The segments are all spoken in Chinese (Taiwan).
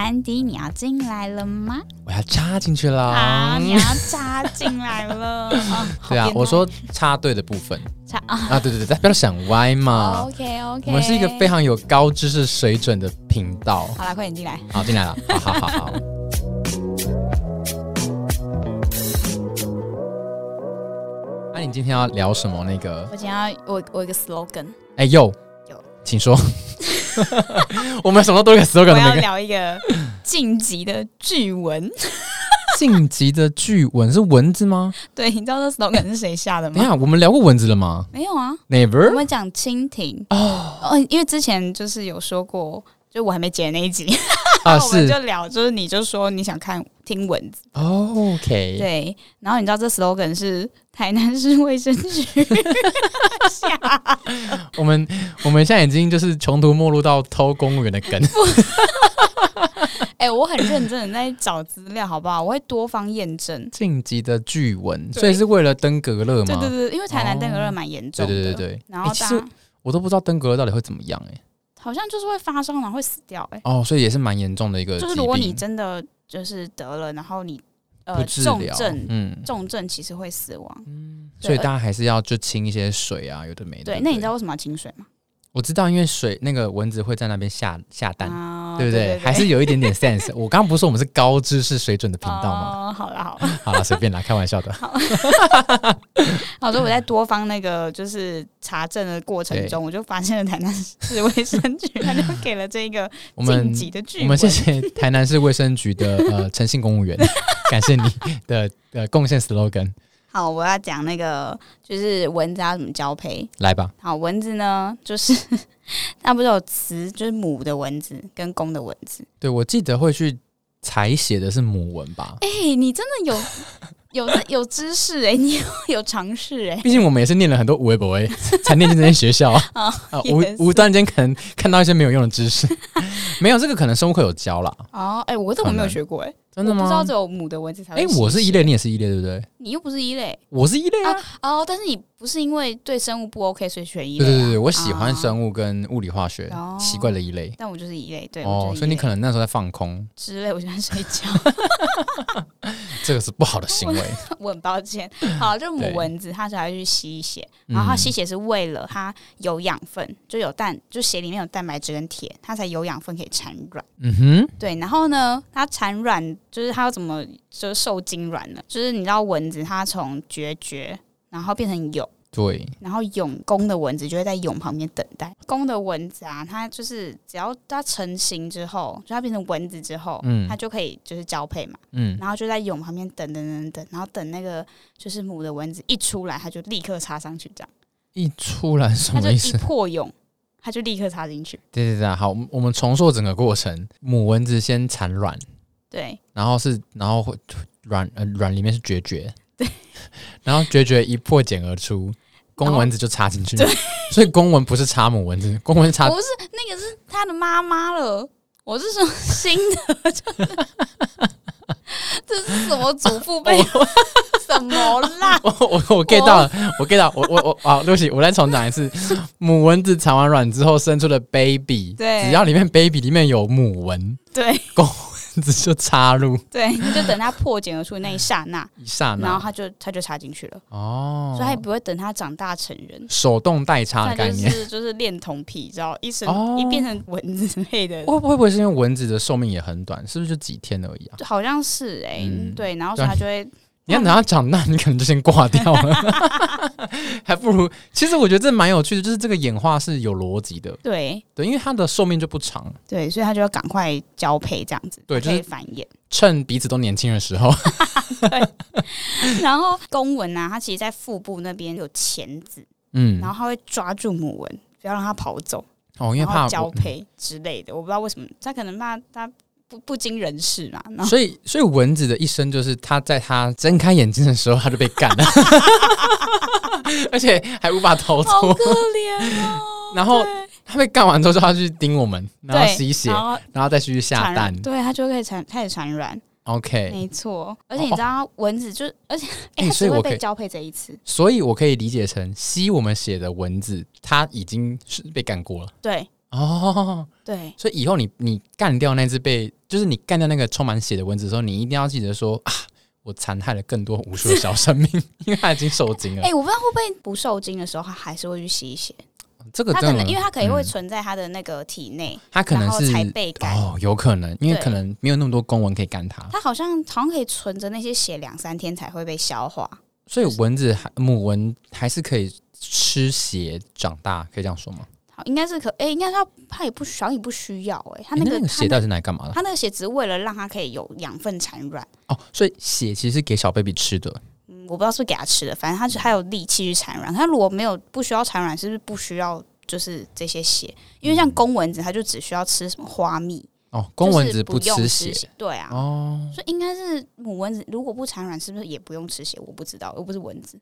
安迪，你要進來了嗎？我要插進去了。啊，你要插進來了、 啊啊。對啊，我說插隊的部分。插啊！啊，對對對對，不要想歪嘛。Oh, OK OK。我們是一個非常有高知識水準的頻道。好了，快點進來。好，進來了。好好好。好。那、 啊、你今天要聊什麼？那個，我想要我我有，我有個 slogan。哎、欸，有有，請說。 我們什麼都都有 slogan，我們聊一個進擊的巨蚊。進 擊的巨蚊是蚊子嗎？對，你知道這 slogan 是誰下的嗎？沒有，我們聊過蚊子了嗎？沒有啊，never。我們講蜻蜓、哦哦、因為之前就是有說過，就我還沒剪那一集， 啊、是 我們就聊，就是你就說你想看。新聞、oh,，OK，對，然後你知道這 slogan 是台南市衛生局。 嚇得笑我們我們現在已經就是窮途末路到偷公務員的梗。哎、 欸，我很認真的在找資料，好不好？我會多方驗證，進擊的巨文，所以是為了登革熱嗎？對,對對對，因為台南登革熱蠻嚴重的、哦。對對對對，然後但是、欸、我都不知道登革熱到底會怎麼樣、欸，哎，好像就是會發燒，然後會死掉、欸，哎，哦，所以也是蠻嚴重的一個，就是如果你真的。就是得了，然後你呃不治，重症，嗯，重症其實會死亡，嗯，所以大家還是要就清一些水啊，有的沒的。對，那你知道為什麼要清水嗎？我知道，因為水那個蚊子會在那邊下下蛋，哦，對不對？對對對，還是有一點點 sense。我剛剛不是說我們是高知識水準的頻道嗎？好、哦、了，好了，好了，隨便啦， 開玩笑的。好說 我在多方那個就是查證的過程中，我就發現了台南市衛生局，他就給了這個進擊的巨蚊。我們謝謝台南市衛生局的呃誠信公務員， 感謝你的呃貢獻 slogan。好，我要講那個就是蚊子要怎麼交配，來吧。好，蚊子呢，就是那不是有雌就是母的蚊子跟公的蚊子？對，我記得會去採血的是母蚊吧？哎、欸，你真的有 有有，有知識哎、欸，你有常識哎。畢、欸、竟我們也是念了很多五 A b 才念進這些學校啊， oh, yes. 呃、無無端間可能看到一些沒有用的知識， 沒有這個可能生物課有教了啊？哎、oh, 欸，我這我沒有學過哎、欸。真的嗎？我不知道只有母的蚊子才會。哎、欸，我是一類，你也是一類，對不對？你又不是一類，我是一類啊，啊！哦，但是你不是因為對生物不 OK 所以選一類、啊。對對對，我喜歡生物跟物理化學，啊、奇怪的一類。但我就是一類，對。哦，所以你可能那時候在放空之類，我喜歡睡覺。 這個是不好的行為。我，我很抱歉。好，就母蚊子它才會去吸血，然後它吸血是為了它有養分，就有蛋，就血裡面有蛋白質跟鐵，它才有養分可以產卵。嗯哼。對，然後呢，它產卵。就是它要怎麼就是受精卵呢？就是你知道蚊子它從孑孓，然後變成蛹，對，然後蛹公的蚊子就會在蛹旁邊等待，公的蚊子啊，它就是只要它成型之後，就它變成蚊子之後，嗯，它就可以就是交配嘛，嗯，然後就在蛹旁邊等等等等，然後等那個就是母的蚊子一出來，它就立刻插上去，這樣。一出來什麼意思？它就一破蛹，它就立刻插進去。對對對，好，我們重述整個過程：母蚊子先產卵。對，然後是然後軟呃軟裡面是絕絕，對，然後絕絕一破繭而出，公蚊子就插進去，所以公蚊不是插母蚊子，公蚊插不是那個是他的媽媽了，我是說新的， 這是什麼祖父輩、啊、我什麼啦？我我我 get 到了，我 get 到，我我我，我， 我，我，我啊，對不起，我再重講一次， 母蚊子產完卵之後生出的 baby，對，只要裡面 baby 裡面有母蚊，對公。就插入，對，你就等它破繭而出那一剎那，一剎那，然後它就它就插進去了，哦，所以它也不會等它長大成人，手動代插的概念，就是就是戀童癖，你知道，一成、哦、一變成蚊子之類的，會不會是因為蚊子的壽命也很短，是不是就幾天而已啊？就好像是、欸，誒、嗯，對，然後所以它就會。你要等它長大，你可能就先掛掉了， 還不如。其實我覺得這蠻有趣的，就是這個演化是有邏輯的。對對，因為它的壽命就不長，對，所以他就要趕快交配，這樣子對，就是繁衍，趁彼此都年輕的時候。 對。然後公蚊啊，它其實，在腹部那邊有鉗子，嗯，然後它會抓住母蚊，不要讓它跑走哦，因為怕交配之類的。我不知道為什麼，它可能怕它。他不不經人事嘛，所以所以蚊子的一生就是，它在它睜開眼睛的時候，它就被幹了 而且還無法逃脫，哦，可憐。然後它被幹完之後，它就去叮我們，然後吸血，然後，然後再繼續下蛋，對，它就會可以產，開始產卵。OK，沒錯。而且你知道，蚊子就而且，欸欸，它只會被交配這一次所，所以我可以理解成吸我們血的蚊子，它已經是被幹過了。對，哦，oh，對，所以以後你你幹掉那隻被。就是你幹掉那個充滿血的蚊子的時候，你一定要記得說啊，我殘害了更多無數小生命， 因為它已經受精了。哎、欸，我不知道會不會不受精的時候，它還是會去吸血。這個它可能，因為它可能會存在它的那個體內、嗯，它可能是才被幹。哦，有可能，因為可能沒有那麼多公蚊可以幹它。它好像好像可以存着那些血兩三天才會被消化。所以蚊子還母蚊還是可以吃血長大，可以這樣說嗎？應該是可哎、欸，應該是他他也不小，也不需要哎、欸，他那個血袋是拿來幹嘛的？他那個血只是為了讓他可以有養分產卵哦，所以血其實是給小 baby 吃的。嗯，我不知道是不是給他吃的，反正它還有力氣去產卵。它如果沒有不需要產卵，是不是不需要就是這些血？因為像公蚊子，它、嗯、就只需要吃什麼花蜜。哦，公蚊子不吃血，就是、吃血對啊、哦，所以應該是母蚊子如果不產卵，是不是也不用吃血？我不知道，又不是蚊子。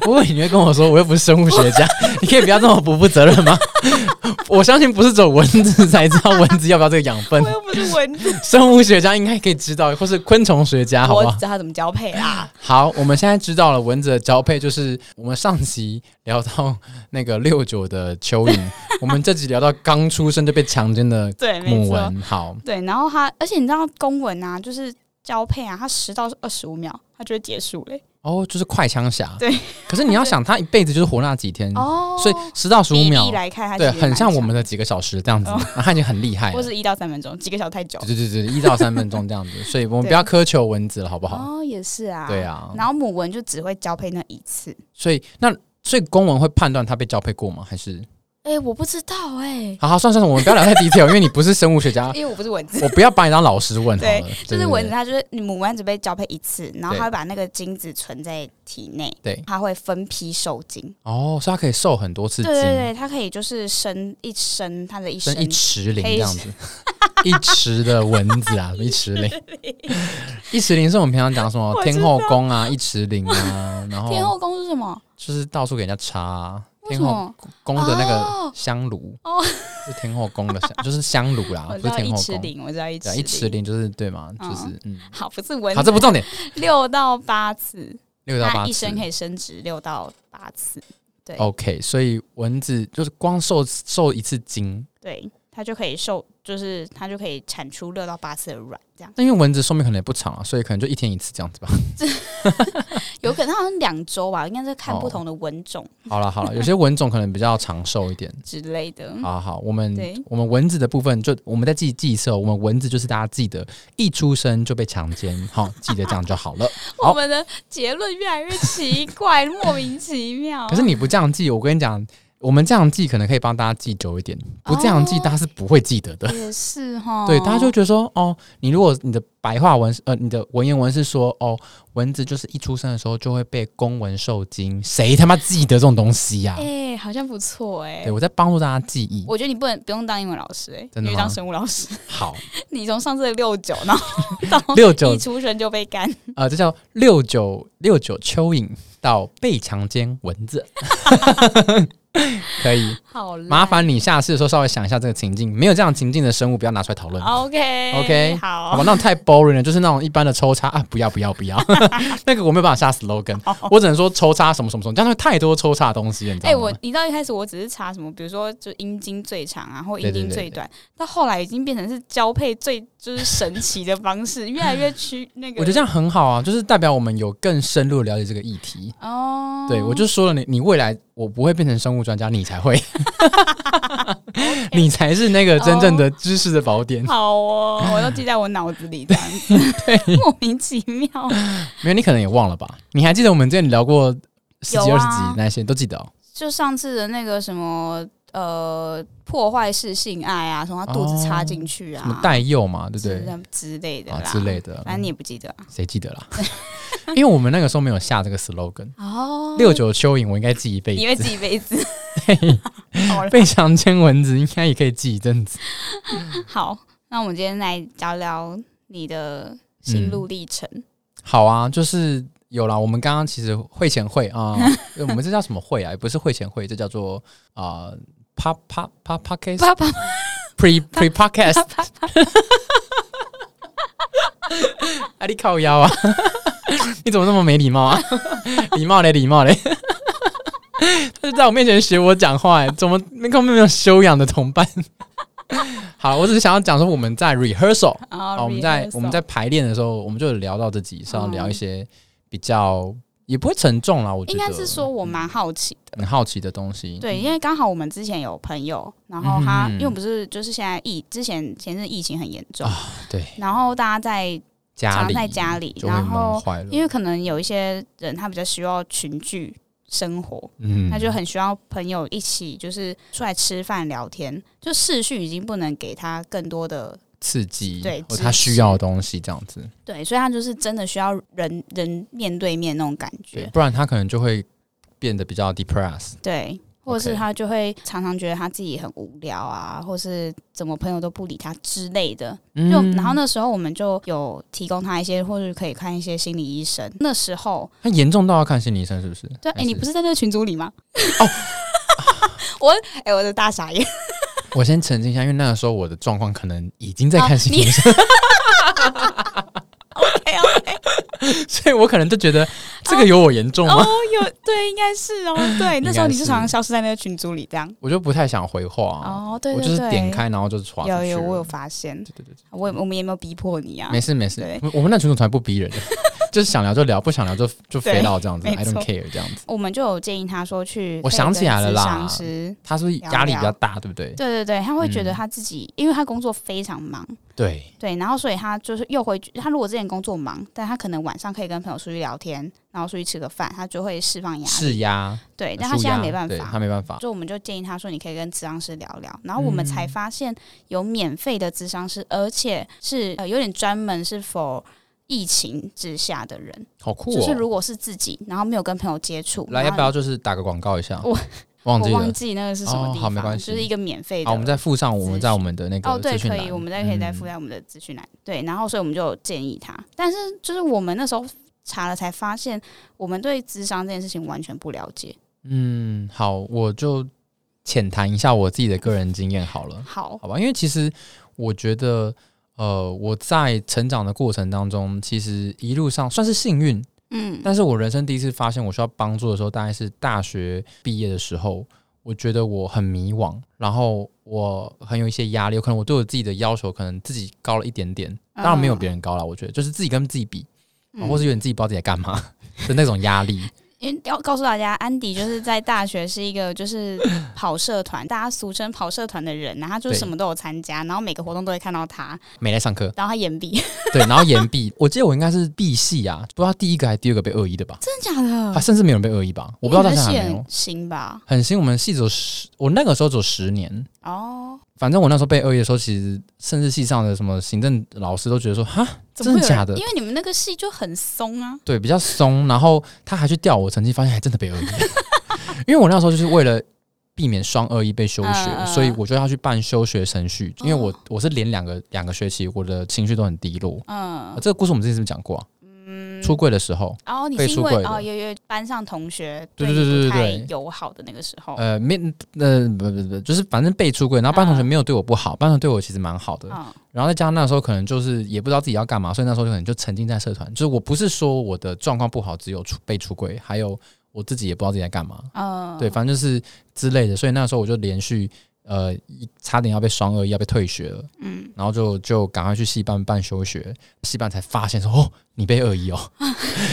不 過你會跟我說，我又不是生物學家， 你可以不要這麼不負責任嗎？ 我相信不是只有蚊子才知道蚊子要不要這個養分， 我又不是蚊子， 生物學家應該可以知道，或是昆蟲學家，好不好？我知道它怎麼交配啊。 好，我們現在知道了蚊子的交配，就是我們上集聊到那個六九的蚯蚓， 我們這集聊到剛出生就被強姦的文對母蚊，好對，然後它，而且你知道公蚊啊，就是交配啊，它十到二十五秒，它就會結束嘞。哦，就是快槍俠。對，可是你要想，他一輩子就是活那幾天，哦。所以十到十五秒，對，很像我們的幾個小時這樣子，哦啊，他已經很厲害。或是一到三分鐘，幾個小時太久。對對對，一到三分鐘這樣子，所以我們不要苛求蚊子了， 好不好？哦，也是啊。對啊，然後母蚊就只會交配那一次。所以那所以公蚊會判斷它被交配過嗎？還是？哎、欸，我不知道哎、欸。好，好，算了算算，我們不要聊太 detail，因為你不是生物學家。因為我不是蚊子， 我不要把你當老師問。對,對,對,對，就是蚊子，它就是你母蚊子，被交配一次，然後它會把那個精子存在體內，對，它會分批受精。哦，所以它可以受很多次精。對對對，它可以就是生一升，它的一升一池林這樣子，一池, 一池的蚊子啊，一池, 一池林，一池林是我們平常講什麼天後宮啊，一池林啊，然後天後宮是什麼？就是到處給人家插、啊。天後宮的那個香爐、啊，是天後宮的香、啊，就是香爐啦、哦，不是天後宮。 一池鱗，我知道一池鱗就是對嗎、哦？就是嗯，好，不是蚊子，好，這不重點。 六到八次，六到八，次。一生可以生殖六到八次，對。OK，所以蚊子就是光受受一次精，對。它就可以受，就是它就可以產出六到八次的卵這樣。那因為蚊子壽命可能也不長啊，所以可能就一天一次這樣子吧。 有可能好像兩周吧，應該是看不同的蚊種。哦、好了好了，有些蚊種可能比較長壽一點 之類的。好、啊、好，我們我們蚊子的部分就我們在記記的時候，我們蚊子就是大家記得一出生就被強姦，好、哦，記得這樣就好了。 好，我們的結論越來越奇怪， 莫名其妙。可是你不這樣記，我跟你講。我們這樣記可能可以幫大家記久一點，不這樣記，大家是不會記得的。哦、也是哦對，大家就覺得說，哦，你如果你的白話文，呃，你的文言文是說，哦，蚊子就是一出生的時候就會被公蚊受精，誰他媽記得這種東西呀、啊？哎、欸，好像不錯哎、欸。對，我在幫助大家記憶，我覺得你不能不用當英文老師哎、欸，真的當生物老師好。 你從上次的六九，然後到六九一出生就被幹啊，這、 呃、叫六九六九蚯蚓到被強姦蚊子。 可以，好麻煩你下次的時候稍微想一下這個情境。沒有這樣情境的生物不要拿出來討論。OK OK，好吧，吧，那種太 boring 了，就是那種一般的抽插。啊，不要不要不要，不要 那個我沒有辦法殺死 Logan，、oh. 我只能說抽插什麼什麼什麼，這樣太多抽插東西，你知道嗎？哎、hey,，我你知道一開始我只是查什麼，比如說就陰莖最長，啊，或陰莖最短對對對對對。到後來已經變成是交配最。就是神奇的方式，越來越趨那個。我覺得這樣很好啊，就是代表我們有更深入的了解這個議題哦。Oh. 對，我就說了你，你你未來我不會變成生物專家，你才會， okay. 你才是那個真正的知識的寶典。Oh. 好哦，我都記在我腦子裡的， 對，莫名其妙。沒有，你可能也忘了吧？你還記得我們之前聊過十幾二十、啊、幾那些都記得？就上次的那個什麼？呃，破壞式性愛啊，從他肚子插進去啊，哦，什麼帶幼嘛，對不對,對？之類的啊，之類的，反正你也不記得、啊，誰記得啦？ 因為我們那個時候沒有下這個 slogan 哦。六九蚯蚓，我應該記一輩子，你會記一輩子？被強姦蚊子應該也可以記一陣子。好，那我們今天來聊聊你的心路歷程、嗯。好啊，就是有啦。我們剛剛其實會前會啊、呃 呃，我們這叫什麼會啊？也不是會前會，這叫做啊。呃 Pop pop pop podcast，pre pre podcast，啊你靠腰啊！ 你怎麼那麼沒禮貌啊？禮貌嘞，禮貌嘞！ 他就在我面前學我講話，哎，怎麼那後沒有修養的同伴？好，我只是想要講說我、oh，我們在 rehearsal，我們在我們在排練的時候，我們就有聊到這集，上，聊一些比較。也不會沉重啦，我覺得應該是說，我蠻好奇的，很好奇的東西。對，因為剛好我們之前有朋友，然後他、嗯、哼哼因為不是就是現在疫、之前前陣疫情很嚴重、啊，對，然後大家在，常常在家裡，在家裡，然後因為可能有一些人他比較需要群聚生活，嗯，他就很需要朋友一起就是出來吃飯聊天，就秩序已經不能給他更多的。刺激，或者他需要的東西，這樣子。對，所以他就是真的需要人人面對面那種感覺，不然他可能就會變得比較 depressed。對，或者是他就會常常覺得他自己很無聊啊，或是怎麼朋友都不理他之類的。嗯、就然後那時候我們就有提供他一些，或是可以看一些心理醫生。那時候他嚴重到要看心理醫生，是不是？對，哎、欸，你不是在那個群組裡嗎？哦、 我哎、欸，我的大傻眼。我先澄清一下，因為那個時候我的狀況可能已經在看心理醫生，OK OK，所以我可能就覺得。這個有我嚴重嗎？哦，哦有對，應該是哦，對。那時候你是常常消失在那個群組裡，這樣我就不太想回話，啊。哦，對，對，對，我就是點開然後就是劃。有有，我有發現。對對對，對，我我們也沒有逼迫你啊。沒事沒事我，我們那群組團不逼人的， 就是想聊就聊，不想聊就就飛到這樣子 ，I don't care 這樣子。我們就有建議他說去，我想起來了啦，時聊聊他是不是壓力比較大，對不對？對對對，他會覺得他自己，嗯、因為他工作非常忙，對對，然後所以他就是又會，他如果之前工作忙，但他可能晚上可以跟朋友出去聊天。然後出去吃個飯，他就會釋放壓力。釋壓，對。但他現在沒辦法，對，他沒辦法。就我們就建議他說，你可以跟諮商師聊聊。然後我們才發現有免費的諮商師、嗯，而且是呃有點專門是 for 疫情之下的人。好酷、哦！就是如果是自己，然後沒有跟朋友接觸，來要不要就是打個廣告一下？我忘記我忘記那個是什麼地方。哦、好，沒關係，就是一個免費的。好，我們再附上我們在我們的那個諮詢欄。哦對，可以，嗯、我們再可以再附在我們的諮詢欄。對，然後所以我們就建議他。但是就是我們那時候。查了才發現，我們對諮商這件事情完全不了解。嗯，好，我就淺談一下我自己的個人經驗好了。好，好吧，因為其實我覺得，呃，我在成長的過程當中，其實一路上算是幸運。嗯，但是我人生第一次發現我需要幫助的時候，大概是大學畢業的時候。我覺得我很迷惘，然後我很有一些壓力，有可能我對我自己的要求可能自己高了一點點，當然沒有別人高了、嗯。我覺得就是自己跟自己比。哦、或是有點自己不知道自己在幹嘛，嗯，的那種壓力，因為要告訴大家，安迪就是在大學是一個就是跑社團， 大家俗稱跑社團的人，然後他就什麼都有參加，然後每個活動都會看到他沒來上課，然後他延畢。對，然後延畢， 我記得我應該是畢系啊，不知道第一個還是第二個被惡意的吧？真的假的？他、啊、甚至沒有人被惡意吧，吧？我不知道他現在有沒有，吧很新，我們系只有十，我那個時候只有十年哦。反正我那時候被二一的時候，其實甚至系上的什麼行政老師都覺得說，哈，真的假的？因為你們那個系就很鬆啊，對，比較鬆。然後他還去調我成績，發現還真的被二一。 因為我那時候就是為了避免雙二一被休學， 所以我就要去辦休學程序。呃、因為我我是連兩個兩個學期，我的情緒都很低落。嗯、呃呃，這個故事我們之前是不是講過啊？出櫃的時候，然、哦、後你是因為哦，有有、呃、班上同學對對對友好的那個時候，對對對對呃，沒，呃，不不不，不，就是反正被出櫃，然後班同學沒有對我不好，呃、班同學對我其實蠻好的、呃，然後再加上那時候可能就是也不知道自己要幹嘛，所以那時候就可能就沉浸在社團，就是我不是說我的狀況不好，只有出被出櫃，還有我自己也不知道自己在幹嘛、呃，對，反正就是之類的，所以那時候我就連續。呃，差點要被雙二一要被退學了，嗯，然後就就趕快去系辦辦休學，系辦才發現說哦，你被二一哦，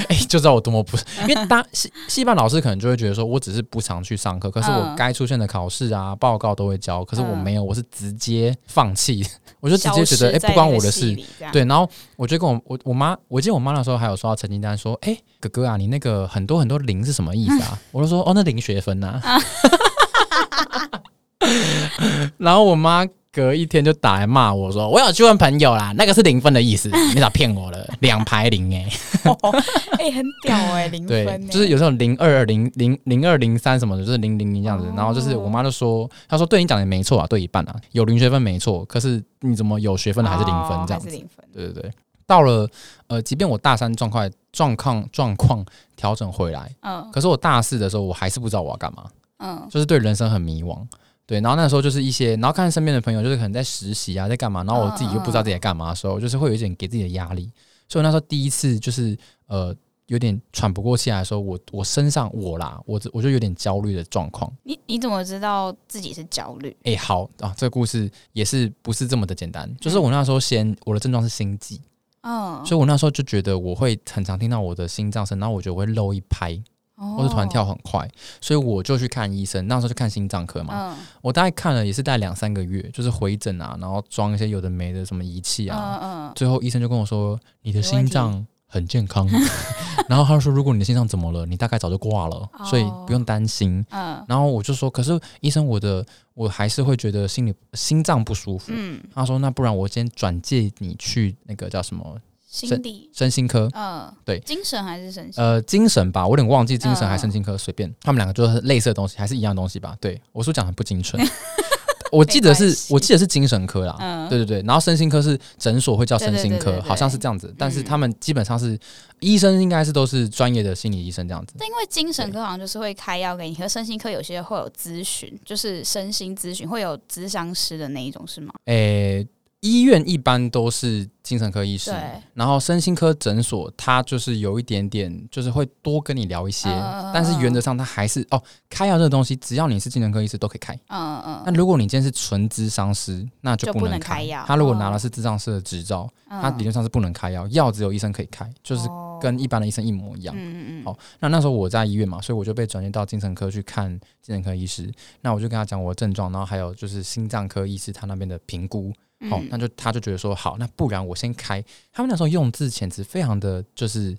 哎、 欸，就知道我多麼不， 因為當系、系辦老師可能就會覺得說我只是不常去上課，可是我該出現的考試啊、報告都會交，可是我沒有，我是直接放棄，嗯、 我就直接覺得哎、欸，不關我的事，對，然後我就跟我我我媽，我、我、我記得我媽的時候還有說成績單說，哎、欸，哥哥啊，你那個很多很多零是什麼意思啊？嗯、我就說哦，那零學分吶、啊。 然後我媽隔一天就打來罵我說：“我有去問朋友啦，那個是零分的意思，你咋騙我了？兩 排零哎，哎、 哦欸、很屌哎、欸，零分。對，就是有時候零二零零零二零三什麼的，就是零零零這樣子、哦。然後就是我媽就說，她說對你講的沒錯啊，對一半啊，有零學分沒錯，可是你怎麼有學分的還是零分這樣子？哦、對對對，到了呃，即便我大三狀況狀況狀況調整回來，嗯、哦，可是我大四的時候我還是不知道我要幹嘛，嗯、哦，就是對人生很迷惘。”對，然後那時候就是一些，然後看身邊的朋友就是可能在實習啊，在幹嘛，然後我自己又不知道自己在幹嘛的時候，oh. 就是會有一點給自己的壓力，所以我那時候第一次就是呃有點喘不過氣來的時候，我我身上我啦，我我就有點焦慮的狀況。你你怎麼知道自己是焦慮？哎、欸，好啊，這個故事也是不是這麼的簡單，就是我那時候先我的症狀是心悸，嗯、oh.，所以我那時候就覺得我會很常聽到我的心臟聲，然後我覺得我會漏一拍。或者突然跳很快，所以我就去看醫生。那時候去看心臟科嘛，uh. 我大概看了也是帶兩三個月，就是回診啊，然後裝一些有的沒的什麼儀器啊。Uh -uh. 最後醫生就跟我說：“你的心臟很健康。” 然後他說：“如果你的心臟怎麼了，你大概早就掛了，oh. 所以不用擔心。Uh. ”然後我就說：“可是醫生，我的我還是會覺得心裡心臟不舒服。嗯”他說：“那不然我先轉介你，去那個叫什麼？”心理、身心科，嗯、呃，對，精神還是身心？呃，精神吧，我有點忘記，精神還是身心科，隨、呃、便，他們兩個就是類似的東西，還是一樣的東西吧？對我說講的不精準 我記得是我記得是精神科啦、呃，對對對，然後身心科是診所會叫身心科，對對對對對，好像是這樣子，但是他們基本上是、嗯、醫生應該是都是專業的心理醫生這樣子。因為精神科好像就是會開藥給你，可是身心科有些會有諮詢，就是身心諮詢會有諮詢師的那一種是嗎？誒、欸。醫院一般都是精神科醫師，然後身心科診所。他就是有一點點，就是會多跟你聊一些，呃、但是原則上他還是哦，開藥這個東西，只要你是精神科醫師都可以開。嗯、呃、嗯。那如果你今天是純諮商師，那就不,就不能開藥。他如果拿的是諮商師的執照，呃、他理論上是不能開藥，藥只有醫生可以開，就是跟一般的醫生一模一樣、哦嗯嗯嗯。好，那那時候我在醫院嘛，所以我就被轉院到精神科去看精神科醫師，那我就跟他講我的症狀，然後還有就是心臟科醫師他那邊的評估。哦，那就他就覺得說，好，那不然我先開。他們那時候用字遣詞非常的就是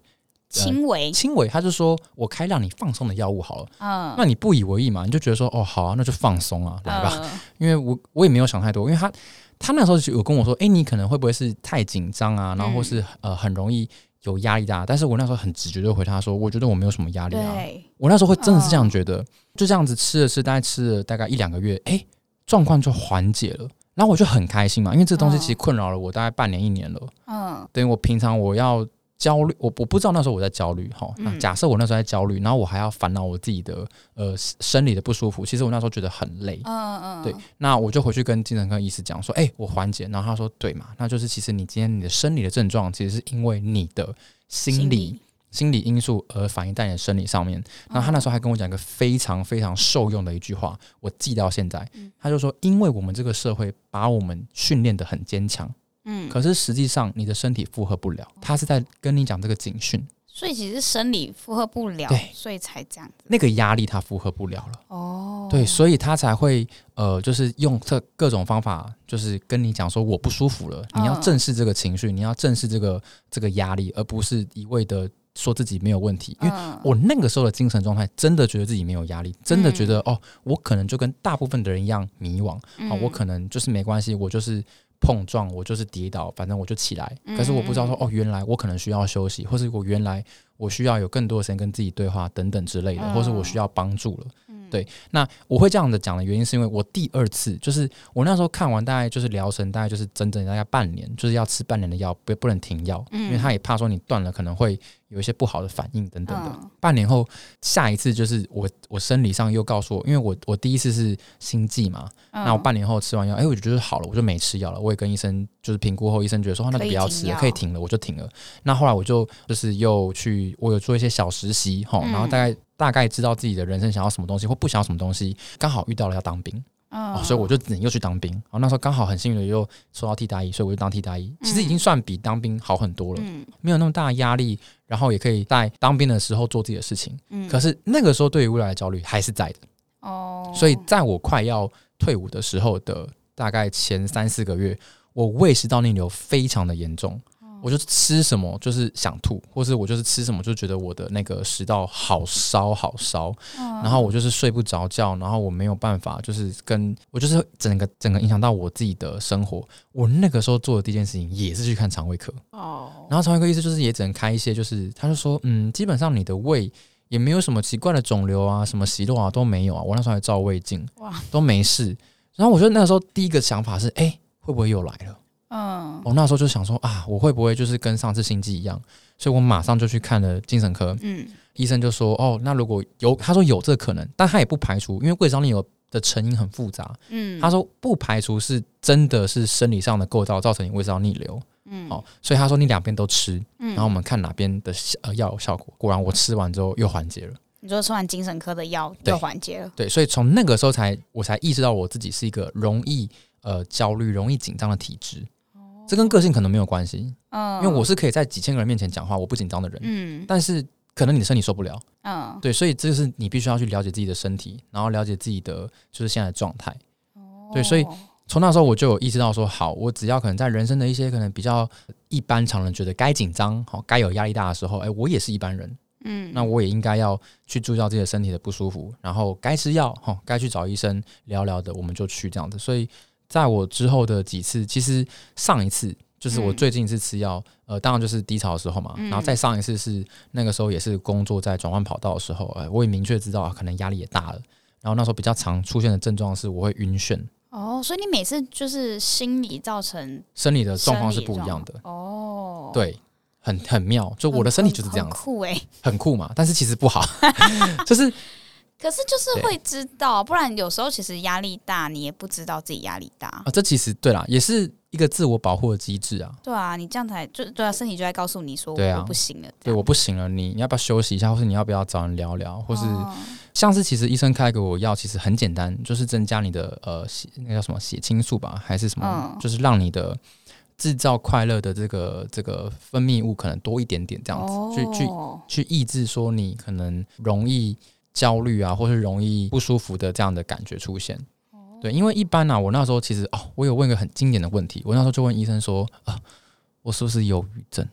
呃、輕微，輕微。他就說我開讓你放鬆的藥物好了。嗯，那你不以為意嘛？你就覺得說，哦，好啊，那就放鬆啊，對吧、嗯？因為我我也沒有想太多。因為他他那時候就有跟我說，誒、欸，你可能會不會是太緊張啊？然後或是呃，很容易有壓力大。但是我那時候很直覺就回他說，我覺得我沒有什麼壓力啊。我那時候會真的是這樣覺得、嗯，就這樣子吃了吃，大概吃了大概一兩個月，誒、欸，狀況就緩解了。然後我就很開心嘛，因為這東西其實困擾了我大概半年一年了。哦、嗯，對，我平常我要焦慮，我我不知道那時候我在焦慮哈。嗯、那假設我那時候在焦慮，然後我還要煩惱我自己的呃生理的不舒服。其實我那時候覺得很累。嗯嗯嗯。對，那我就回去跟精神科醫師講說，哎、欸，我緩解。然後他說，對嘛，那就是其實你今天你的生理的症狀，其實是因為你的心理，理。心理因素而反映在你的生理上面，那、哦、他那時候還跟我講一個非常非常受用的一句話，嗯、我記到現在。他就說：“因為我們這個社會把我們訓練得很堅強，嗯，可是實際上你的身體負荷不了。哦”他是在跟你講這個警訊，所以其實生理負荷不了，對，所以才這樣子。那個壓力他負荷不了了，哦，對，所以他才會呃，就是用各各種方法，就是跟你講說我不舒服了、嗯，你要正視這個情緒、哦，你要正視這個這個壓力，而不是一味的。說自己沒有問題，因為我那個時候的精神狀態真的覺得自己沒有壓力，真的覺得、嗯、哦，我可能就跟大部分的人一樣迷惘啊、嗯哦，我可能就是沒關係，我就是碰撞，我就是跌倒，反正我就起來。可是我不知道說、嗯、哦，原來我可能需要休息，或是我原來我需要有更多時間跟自己對話等等之類的，或是我需要幫助了、嗯。對，那我會這樣子講的原因是因為我第二次就是我那時候看完大概就是療程大概就是整整大概半年，就是要吃半年的藥，不不能停藥、嗯，因為他也怕說你斷了可能會。有一些不好的反應等等的。嗯、半年後，下一次就是我我生理上又告訴我，因為我我第一次是心悸嘛，嗯、那我半年後吃完藥，哎、欸，我就覺得就好了，我就沒吃藥了。我也跟醫生就是評估後，醫生覺得說，那不要吃了可要，可以停了，我就停了。那後來我就就是又去，我有做一些小實習哈，然後大概、嗯、大概知道自己的人生想要什麼東西或不想要什麼東西。剛好遇到了要當兵，嗯哦、所以我就又去當兵。哦、那時候剛好很幸運的又收到替代役，所以我就當替代役，其實已經算比當兵好很多了，嗯、沒有那麼大壓力。然後也可以在當兵的時候做自己的事情，嗯，可是那個時候對於未來的焦慮還是在的，哦，所以在我快要退伍的時候的大概前三四個月，我胃食道逆流非常的嚴重。我就吃什麼就是想吐，或是我就是吃什麼就覺得我的那個食道好燒好燒，嗯，然後我就是睡不着覺，然後我沒有辦法，就是跟我就是整個整個影響到我自己的生活。我那個時候做的第一件事情也是去看腸胃科哦，然後腸胃科醫生就是也只能開一些，就是他就說嗯，基本上你的胃也沒有什麼奇怪的腫瘤啊，什麼息肉啊都沒有啊。我那時候還照胃鏡哇，都沒事，然後我覺得那個時候第一個想法是哎、欸、會不會又來了？嗯、哦，我那時候就想說啊，我會不會就是跟上次心悸一樣？所以我馬上就去看了精神科。嗯，醫生就說哦，那如果有，他說有這個可能，但他也不排除，因為胃食道逆流的成因很複雜。嗯，他說不排除是真的是生理上的構造造成你胃食道逆流。嗯，哦，所以他說你兩邊都吃，嗯，然後我們看哪邊的藥、呃、有效果。果然我吃完之後又緩解了。你說吃完精神科的藥又緩解了？對，對所以從那個時候才我才意識到我自己是一個容易呃焦慮、容易緊張的體質。這跟個性可能沒有關係、哦，因為我是可以在幾千個人面前講話，我不緊張的人，嗯、但是可能你的身體受不了，哦、對，所以這是你必須要去了解自己的身體，然後了解自己的就是現在的狀態、哦，對，所以從那時候我就有意識到說，好，我只要可能在人生的一些可能比較一般常人覺得該緊張、好該有壓力大的時候，哎，我也是一般人、嗯，那我也應該要去注意到自己的身體的不舒服，然後該吃藥、哦、該去找醫生聊聊的，我們就去這樣子，所以。在我之後的幾次，其實上一次就是我最近一次吃藥、嗯，呃，當然就是低潮的時候嘛。嗯、然後再上一次是那個時候也是工作在轉換跑道的時候，呃、欸，我也明確知道可能壓力也大了。然後那時候比較常出現的症狀是我會暈眩。哦，所以你每次就是心理造成生理的狀況是不一樣的。哦，對，很很妙，就我的身體就是這樣子。很，很酷哎、欸，很酷嘛，但是其實不好， 就是。可是就是會知道，不然有時候其實壓力大，你也不知道自己壓力大啊。這其實對啦，也是一個自我保護的機制啊。對啊，你這樣才就對啊，身體就在告訴你說我不行了對，啊對，我不行了，對我不行了。你你要不要休息一下，或是你要不要找人聊聊，或是，哦，像是其實醫生開給我藥，其實很簡單，就是增加你的呃，血，那叫什麼血清素吧，還是什麼，嗯，就是讓你的製造快樂的這個這個分泌物可能多一點點，這樣子，哦，去去去抑制說你可能容易，焦慮啊，或是容易不舒服的這樣的感覺出現，對，因為一般呢、啊，我那時候其實哦，我有問一個很經典的問題，我那時候就問醫生說：“啊、呃，我是不是憂鬱症？”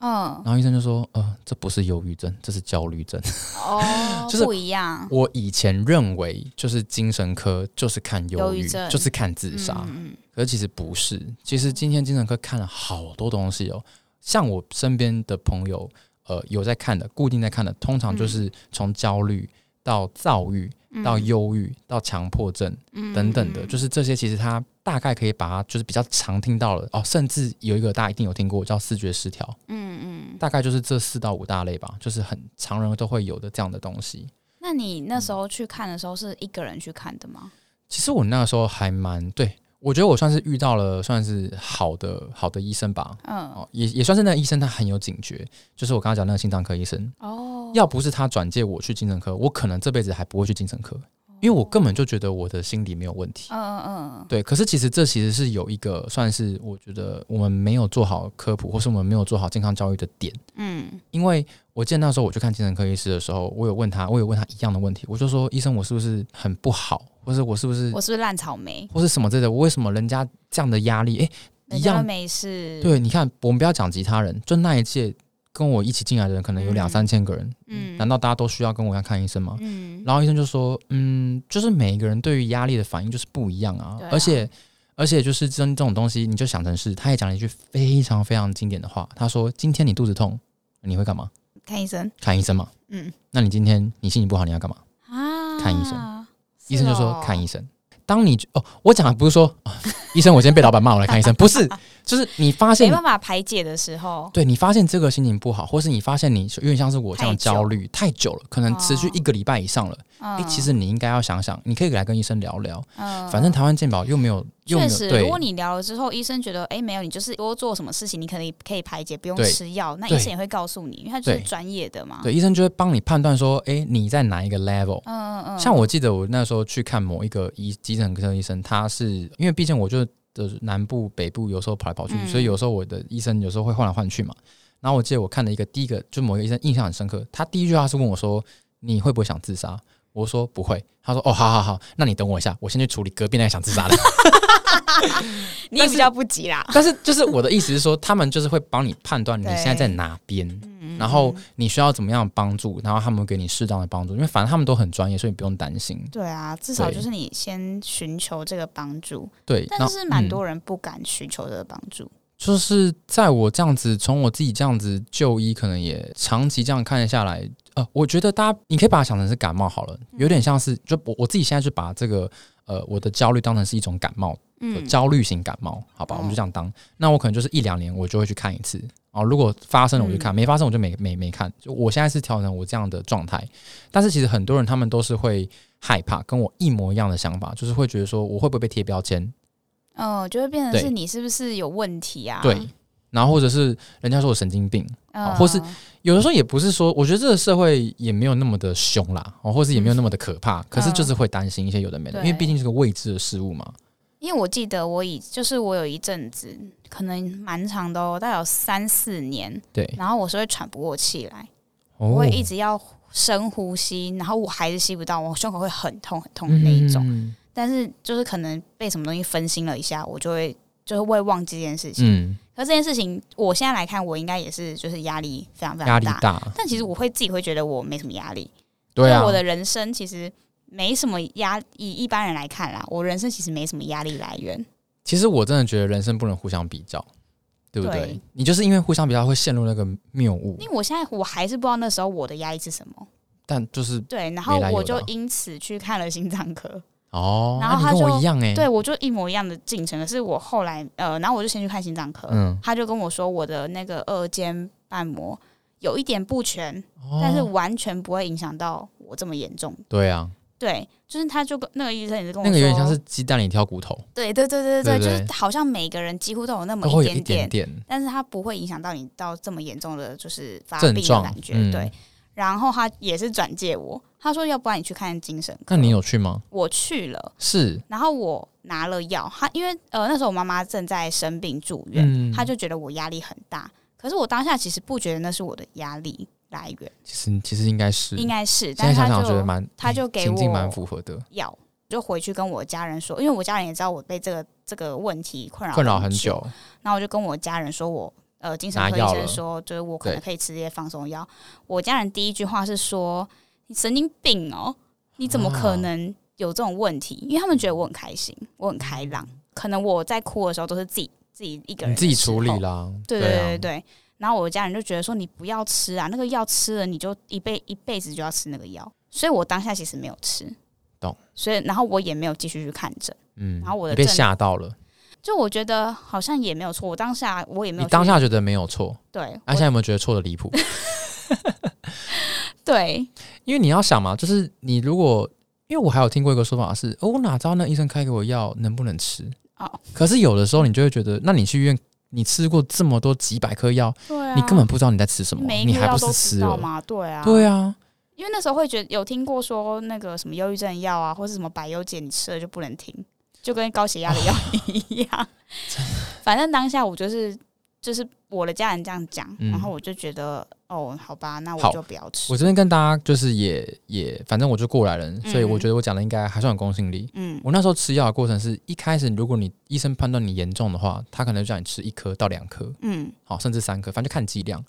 嗯，然後醫生就說：“呃，這不是憂鬱症，這是焦慮症。”哦， 就是不一樣。我以前認為就是精神科就是看憂鬱，就是看自殺、嗯，可是其實不是。其實今天精神科看了好多東西哦，像我身邊的朋友，呃，有在看的，固定在看的，通常就是從焦慮。嗯到躁鬱，到憂鬱，到強迫症、嗯、等等的，就是這些。其實他大概可以把它，就是比較常聽到的哦。甚至有一個大家一定有聽過，叫思覺失調。嗯嗯，大概就是這四到五大類吧，就是很常人都會有的這樣的東西。那你那時候去看的時候是一個人去看的嗎？嗯、其實我那個時候還蠻對，我覺得我算是遇到了算是好的好的醫生吧。嗯，哦，也也算是那個醫生他很有警覺，就是我剛剛講那個心臟科醫生。哦。要不是他轉介我去精神科，我可能這輩子還不會去精神科，oh. 因為我根本就覺得我的心理沒有問題。嗯嗯嗯。對，可是其實這其實是有一個算是，我覺得我們沒有做好科普，或是我們沒有做好健康教育的點。嗯。因為我記得那時候我去看精神科醫師的時候，我有問他，我有問他一樣的問題，我就說：“醫生，我是不是很不好？或者我是不是，我是不是爛草莓？或是什麼之類的？我為什麼人家這樣的壓力？誒、欸，一樣沒事。對，你看，我們不要講其他人，就那一屆。”跟我一起進來的人可能有兩三千個人，嗯，嗯，難道大家都需要跟我一樣看醫生嗎？嗯，然後醫生就說，嗯，就是每一個人對於壓力的反應就是不一樣啊，啊而且，而且就是這這種東西，你就想成是，他也講了一句非常非常經典的話，他說：今天你肚子痛，你會幹嘛？看醫生，看醫生嘛。嗯，那你今天你心情不好，你要幹嘛？啊，看醫生。哦，醫生就說看醫生。當你哦，我講的不是說。 醫生，我今天被老闆罵，我來看醫生。不是，就是你發現沒辦法排解的時候，對你發現這個心情不好，或是你發現你因為像是我這樣焦慮太，太久了，可能持續一個禮拜以上了。哎、嗯欸，其實你應該要想想，你可以來跟醫生聊聊。嗯、反正台灣健保又沒有，用的、嗯。對，如果你聊了之後，醫生覺得哎、欸、沒有，你就是多做什麼事情，你可能可以排解，不用吃藥。那醫生也會告訴你，因為他就是專業的嘛。對，醫生就會幫你判斷說，哎、欸，你在哪一個 level。嗯嗯嗯。像我記得我那時候去看某一個醫急診科醫生，他是因為畢竟我就。就是南部、北部有時候跑來跑去、嗯，所以有時候我的醫生有時候會換來換去嘛。然後我記得我看了一個第一個，就某個醫生印象很深刻，他第一句話是問我說：“你會不會想自殺？”我說：“不會。”他說：“哦，好好好，那你等我一下，我先去處理隔壁那個想自殺的。 ” 你也比較不急啦。 但是就是我的意思是說，他們就是會幫你判斷你現在在哪邊。然後你需要怎麼樣的幫助，嗯。然後他們會給你適當的幫助，因為反正他們都很專業，所以你不用擔心。對啊，至少就是你先尋求這個幫助。對，對，但是蠻多人不敢尋求這個幫助，嗯。就是在我這樣子，從我自己這樣子就醫，可能也長期這樣看下來，呃，我覺得大家你可以把它想成是感冒好了，有點像是就我我自己現在就把這個呃我的焦慮當成是一種感冒，嗯，焦慮型感冒，好吧，嗯，我們就這樣當。那我可能就是一兩年我就會去看一次。啊，如果發生了我就看，嗯、沒發生我就沒沒沒看。就我現在是調整我這樣的狀態，但是其實很多人他們都是會害怕，跟我一模一樣的想法，就是會覺得說我會不會被貼標籤？哦，就會變成是你是不是有問題啊？對，然後或者是人家說我神經病，嗯哦、或是有的時候也不是說，我覺得這個社會也沒有那麼的凶啦、哦，或是也沒有那麼的可怕，嗯、可是就是會擔心一些有的沒的，因為畢竟是個未知的事物嘛。因為我記得我以就是我有一陣子可能蠻長的，哦，大概有三四年，對。然後我是會喘不過氣來，哦，我會一直要深呼吸，然後我還是吸不到，我胸口會很痛很痛的那一種，嗯。但是就是可能被什麼東西分心了一下，我就會就是會忘記這件事情。嗯。那這件事情我現在來看，我應該也是就是壓力非常非常大，大但其實我會自己會覺得我沒什麼壓力，對啊，我的人生其實。沒什麼壓力，以一般人來看啦，我人生其實沒什麼壓力來源。其實我真的覺得人生不能互相比較，對不對？對，你就是因為互相比較會陷入那個謬誤。因為我現在我還是不知道那時候我的壓力是什麼。但就是、啊、對，然後我就因此去看了心臟科哦。然後他就、啊、跟我一樣，誒、欸，對，我就一模一樣的進程，可是我後來呃，然後我就先去看心臟科、嗯，他就跟我說我的那個二尖瓣膜有一點不全、哦，但是完全不會影響到我這麼嚴重。對啊。對，就是他就跟那個醫生，你就跟我說那個有點像是雞蛋裡挑骨頭。對,對，對,對,對，對，對，對，就是好像每個人幾乎都有那麼一點點，點點但是他不會影響到你到這麼嚴重的，就是發病的感覺。症狀嗯、對，然後他也是轉介我，他說要不然你去看精神科。那你有去嗎？我去了，是。然後我拿了藥，他因為呃那時候我媽媽正在生病住院，嗯、他就覺得我壓力很大。可是我當下其實不覺得那是我的壓力。來源其實其實應該是應該是，現在想想覺得蠻，他就給我，境蠻符合的。要就回去跟我家人說，因為我家人也知道我被這個這個問題困擾困擾很久。那我就跟我家人說我呃，精神科醫生說，就是我可不可以吃一些放鬆藥。我家人第一句話是說：“你神經病哦、喔，你怎麼可能有這種問題、啊？”因為他們覺得我很開心，我很開朗，可能我在哭的時候都是自己自己一個人，你自己處理啦。對對對對。對啊然後我家人就覺得說你不要吃啊，那個藥吃了你就一輩一輩子就要吃那個藥，所以我當下其實沒有吃，懂。所以然後我也沒有繼續去看診，嗯。然後我也被嚇到了，就我覺得好像也沒有錯。我當下我也沒有，你當下覺得沒有錯，對。而且、啊、現在有沒有覺得錯的離譜？ 對，因為你要想嘛，就是你如果因為我還有聽過一個說法是，哦，我哪知道那醫生開給我藥能不能吃？哦。可是有的時候你就會覺得，那你去醫院。你吃過這麼多幾百顆藥，啊，你根本不知道你在吃什麼，你還不是吃啊？對啊，對啊，因為那時候會覺得有聽過說那個什麼憂鬱症藥啊，或是什麼百憂解，你吃了就不能停，就跟高血壓的藥一樣。啊、 反正當下我就是就是。我的家人這樣講，然後我就覺得、嗯、哦，好吧，那我就不要吃。我這邊跟大家就是也也，反正我就過來人、嗯，所以我覺得我講的應該還算有公信力。嗯，我那時候吃藥的過程是，一開始如果你醫生判斷你嚴重的話，他可能就叫你吃一顆到兩顆，嗯，好，甚至三顆，反正就看劑量。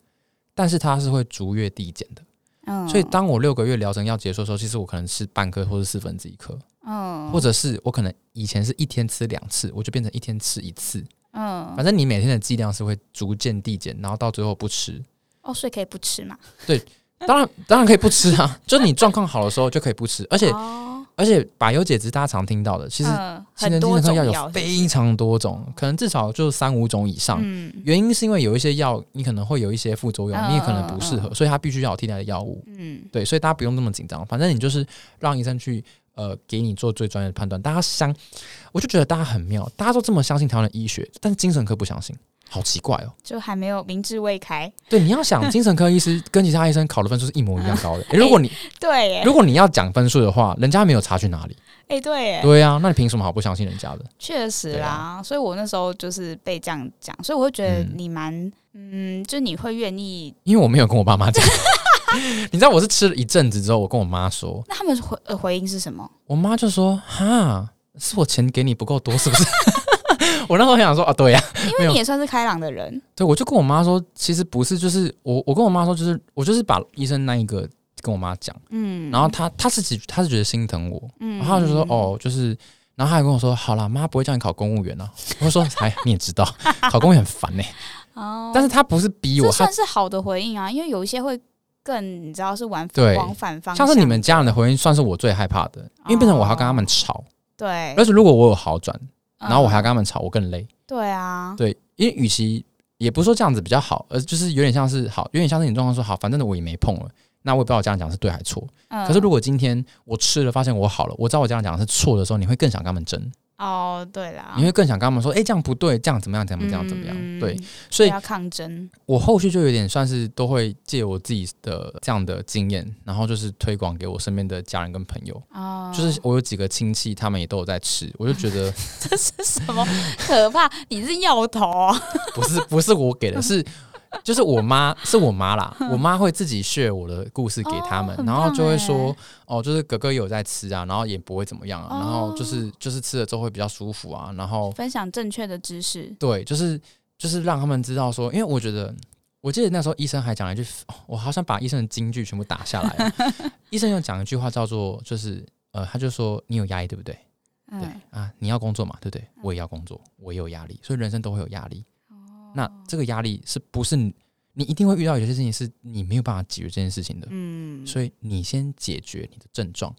但是他是會逐月遞減的，嗯，所以當我六個月療程要結束的時候，其實我可能吃半顆或者四分之一顆，嗯，或者是我可能以前是一天吃兩次，我就變成一天吃一次。嗯，反正你每天的劑量是會逐漸遞減，然後到最後不吃哦，所以可以不吃嘛？對，當然當然可以不吃啊， 就是你狀況好的時候就可以不吃，而且、哦、而且百憂解是大家常聽到的，其實現在、嗯、精神科藥有非常多種，嗯、多種是是可能至少就是三五種以上、嗯。原因是因為有一些藥你可能會有一些副作用，嗯、你也可能不適合、嗯，所以它必須要有替代的藥物。嗯，對，所以大家不用那麼緊張，反正你就是讓醫生去。呃，給你做最專業的判斷。大家想，我就覺得大家很妙，大家都這麼相信台灣的醫學，但是精神科不相信，好奇怪哦。就還沒有民智未開。對，你要想精神科醫師跟其他醫生考的分數是一模一樣高的。呃欸、如果你對耶，如果你要講分數的話，人家沒有差去哪裡。哎、欸，對耶，對啊。那你憑什麼好不相信人家的？確實啦、啊，所以我那時候就是被這樣講，所以我會覺得你蠻、嗯，嗯，就你會願意，因為我沒有跟我爸媽講。 你知道我是吃了一陣子之後，我跟我媽說，那他們回回應是什麼？我媽就說：“哈，是我錢給你不夠多，是不是？” 我那時候想說：“啊，對呀、啊，因為你也算是開朗的人。”對，我就跟我媽說：“其實不是，就是我，我跟我媽說，就是我就是把醫生那一個跟我媽講，嗯，然後她她自己她是覺得心疼我，嗯，然後就說：“哦，就是。”然後她還跟我說：“好啦，媽不會叫你考公務員啊。”我說：“哎，你也知道 考公務員很煩欸。”哦，但是她不是逼我，這算是好的回應啊，因為有一些會。更你知道是玩對往反方向，像是你們家人的回應，算是我最害怕的，哦、因為變成我還要跟他們吵。對，而且如果我有好轉，然後我還要跟他們吵、嗯，我更累。對啊，對，因為與其也不是說這樣子比較好，呃，就是有點像是好，有點像是你狀況說好，反正我也沒碰了，那我也不知道這樣講是對還是錯、嗯。可是如果今天我吃了，發現我好了，我知道我這樣講的是錯的時候，你會更想跟他們爭。哦、oh，對啦。你會更想跟他們說，哎、欸，這樣不對，這樣怎麼樣，這樣怎麼樣，嗯、樣怎麼樣，對，所以要抗爭。我後續就有點算是都會借我自己的這樣的經驗，然後就是推廣給我身邊的家人跟朋友。Oh. 就是我有幾個親戚，他們也都有在吃，我就覺得 這是什麼可怕？ 你是藥頭、哦？ 不是，不是我給的，是。 就是我媽是我媽啦，我媽會自己 share 我的故事給他們，哦欸、然後就會說哦，就是哥哥有在吃啊，然後也不會怎麼樣，啊。哦’然後就是就是吃了之後會比較舒服啊，然後分享正確的知識，對，就是就是讓他們知道說，因為我覺得我記得那時候醫生還講了一句，哦、我好想把醫生的金句全部打下來、啊， 醫生又講一句話叫做，就是呃，他就說你有壓力對不對？嗯、對啊，你要工作嘛對不對？我也要工作，我也有壓力，所以人生都會有壓力。那這個壓力是不是你，你一定會遇到？有些事情是你沒有辦法解決這件事情的。嗯、所以你先解決你的症狀、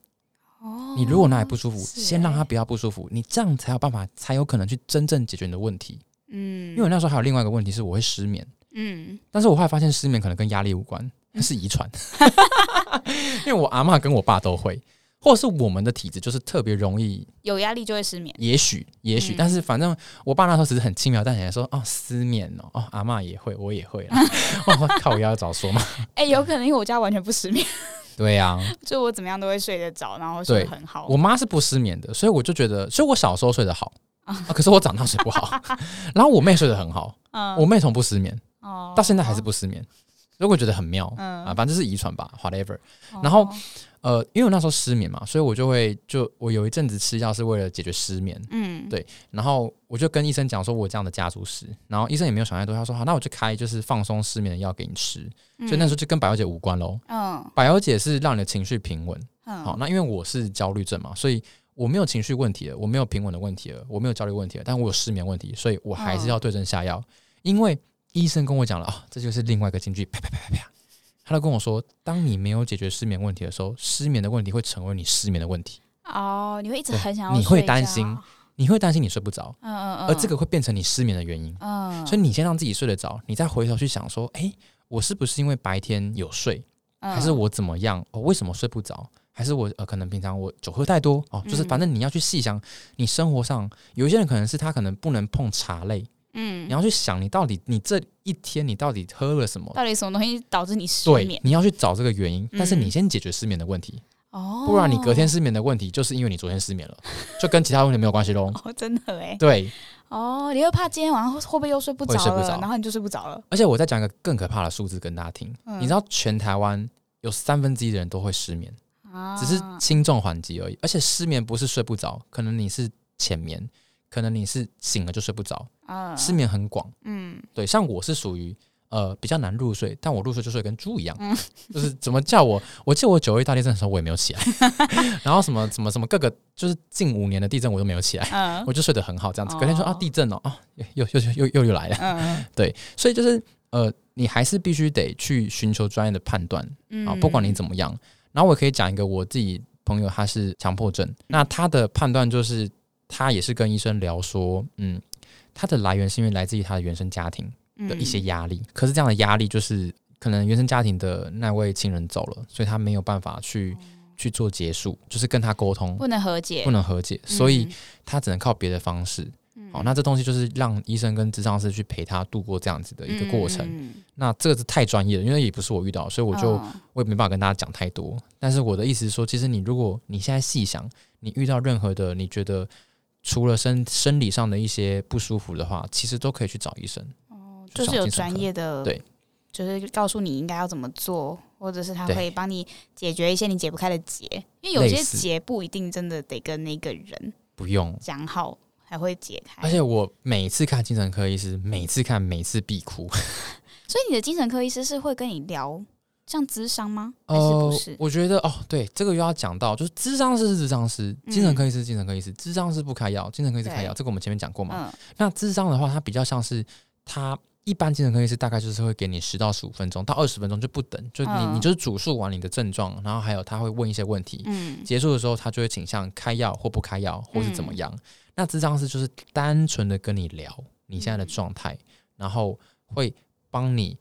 哦。你如果哪裡不舒服，先讓他不要不舒服，你這樣才有辦法，才有可能去真正解決你的問題。嗯、因為我那時候還有另外一個問題是，我會失眠，嗯。但是我後來發現失眠可能跟壓力無關，那是遺傳。嗯、 因為我阿嬤、跟我爸都會。或者是我們的體質就是特別容易有壓力就會失眠，也許也許、嗯，但是反正我爸那時候其實很輕描淡寫說：“哦，失眠哦，哦阿嬤也會，我也會啦。 ”靠我靠，我要早說嘛。哎、 欸，有可能因為我家完全不失眠。嗯、對呀、啊，就我怎麼樣都會睡得着，然後睡得很好。我媽是不失眠的，所以我就覺得，所以我，所以我小時候睡得好，啊、可是我長大睡不好。 然後我妹睡得很好，嗯、我妹從不失眠哦、嗯，到現在還是不失眠，如、嗯、果覺得很妙、嗯、啊，反正是遺傳吧，whatever、嗯。然後。嗯呃，因為我那時候失眠嘛，所以我就會就我有一陣子吃藥是為了解決失眠。嗯，對，然後我就跟醫生講說，我這樣的家族史，然後醫生也沒有想太多，他說好，那我就開就是放鬆失眠的藥給你吃。所以那時候就跟百憂解無關嘍。嗯，百憂解是讓你的情緒平穩、嗯嗯。好，那因為我是焦慮症嘛，所以我沒有情緒問題了，我沒有平穩的問題了，我沒有焦慮問題了，但我有失眠問題，所以我還是要對症下藥、嗯。因為醫生跟我講了啊、哦，這就是另外一個情緒，啪啪啪啪、啪、啪。他都跟我說，當你沒有解決失眠問題的時候，失眠的問題會成為你失眠的問題哦。Oh, 你會一直很想要，你會擔心，你會擔心你睡不着，嗯嗯嗯，而這個會變成你失眠的原因。嗯，所以你先讓自己睡得着，你再回頭去想說，誒、欸，我是不是因為白天有睡、嗯，還是我怎麼樣？哦，為什麼睡不着？還是我呃，可能平常我酒喝太多哦？就是反正你要去細想，你生活上有些人可能是他可能不能碰茶類。嗯，你要去想你到底你這一天你到底喝了什麼？到底什麼東西導致你失眠？你要去找這個原因、嗯。但是你先解決失眠的問題哦，不然你隔天失眠的問題就是因為你昨天失眠了，哦、就跟其他問題沒有關係嘍、哦。真的哎，對哦，你又怕今天晚上會不會又睡不着？會睡不着，然後你就睡不着了。而且我再講一個更可怕的數字跟大家聽、嗯，你知道全台灣有三分之一的人都會失眠，啊、只是輕重緩急而已。而且失眠不是睡不着，可能你是淺眠。可能你是醒了就睡不着、uh, 失眠很廣。嗯，對，像我是屬於呃比較難入睡，但我入睡就睡跟豬一樣，嗯， 就是怎麼叫我，我記得我九月大地震的時候我也沒有起來， 然後什麼什麼什麼各個就是近五年的地震我都沒有起來，uh, 我就睡得很好這樣子。Uh, 隔天說啊地震哦啊又又又又又來了，uh, 對，所以就是呃你還是必須得去尋求專業的判斷啊，不管你怎麼樣。嗯，然後我可以講一個我自己朋友，他是強迫症，嗯，那他的判斷就是。他也是跟醫生聊說，嗯，他的來源是因為來自於他的原生家庭的一些壓力、嗯。可是這樣的壓力就是可能原生家庭的那位親人走了，所以他沒有辦法去、哦、去做結束，就是跟他溝通，不能和解，不能和解，嗯、所以他只能靠別的方式、嗯。好，那這東西就是讓醫生跟諮商師去陪他度過這樣子的一個過程。嗯、那這個是太專業了，因為也不是我遇到，所以我就我也沒辦法跟大家講太多、哦。但是我的意思是說，其實你如果你現在細想，你遇到任何的你覺得。除了生生理上的一些不舒服的話，其實都可以去找醫生。哦，就是有專業的對，就是告訴你應該要怎麼做，或者是他會幫你解決一些你解不開的結。因為有些結不一定真的得跟那個人不用講好，還會解開。而且我每次看精神科醫師，每次看每次必哭。 所以你的精神科醫師是會跟你聊。像諮商嗎？哦、呃，我覺得哦，對，這個又要講到，就是諮商師是諮商師，精神科醫師是精神科醫師，諮商是不開藥，精神科是開藥，這個我們前面講過嘛。呃、那諮商的話，它比較像是，他一般精神科醫師大概就是會給你十到十五分鐘到二十分鐘就不等，就你、呃、你就是主訴完你的症狀，然後還有他會問一些問題，嗯、結束的時候他就會傾向開藥或不開藥或是怎麼樣。嗯、那諮商師就是單純的跟你聊你現在的狀態、嗯，然後會幫你。